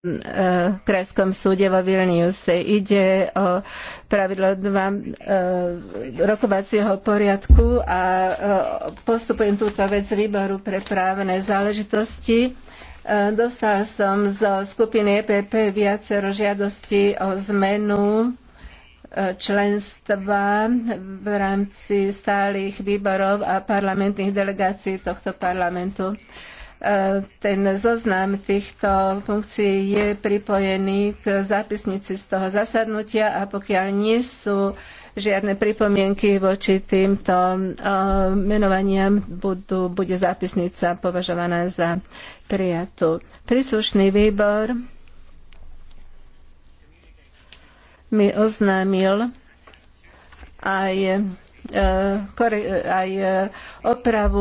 E, krajskom súde vo Vilniuse. Ide o pravidlo dva e, rokovacieho poriadku a e, postupujem túto vec výboru pre právne záležitosti. Dostal som zo skupiny EPP viacero žiadosti o zmenu členstva v rámci stálych výborov a parlamentných delegácií tohto parlamentu ten zoznam týchto funkcií je pripojený k zápisnici z toho zasadnutia a pokiaľ nie sú žiadne pripomienky voči týmto eh, menovaniam, budú, bude zápisnica považovaná za prijatú. Príslušný výbor mi oznámil aj, eh, aj eh, opravu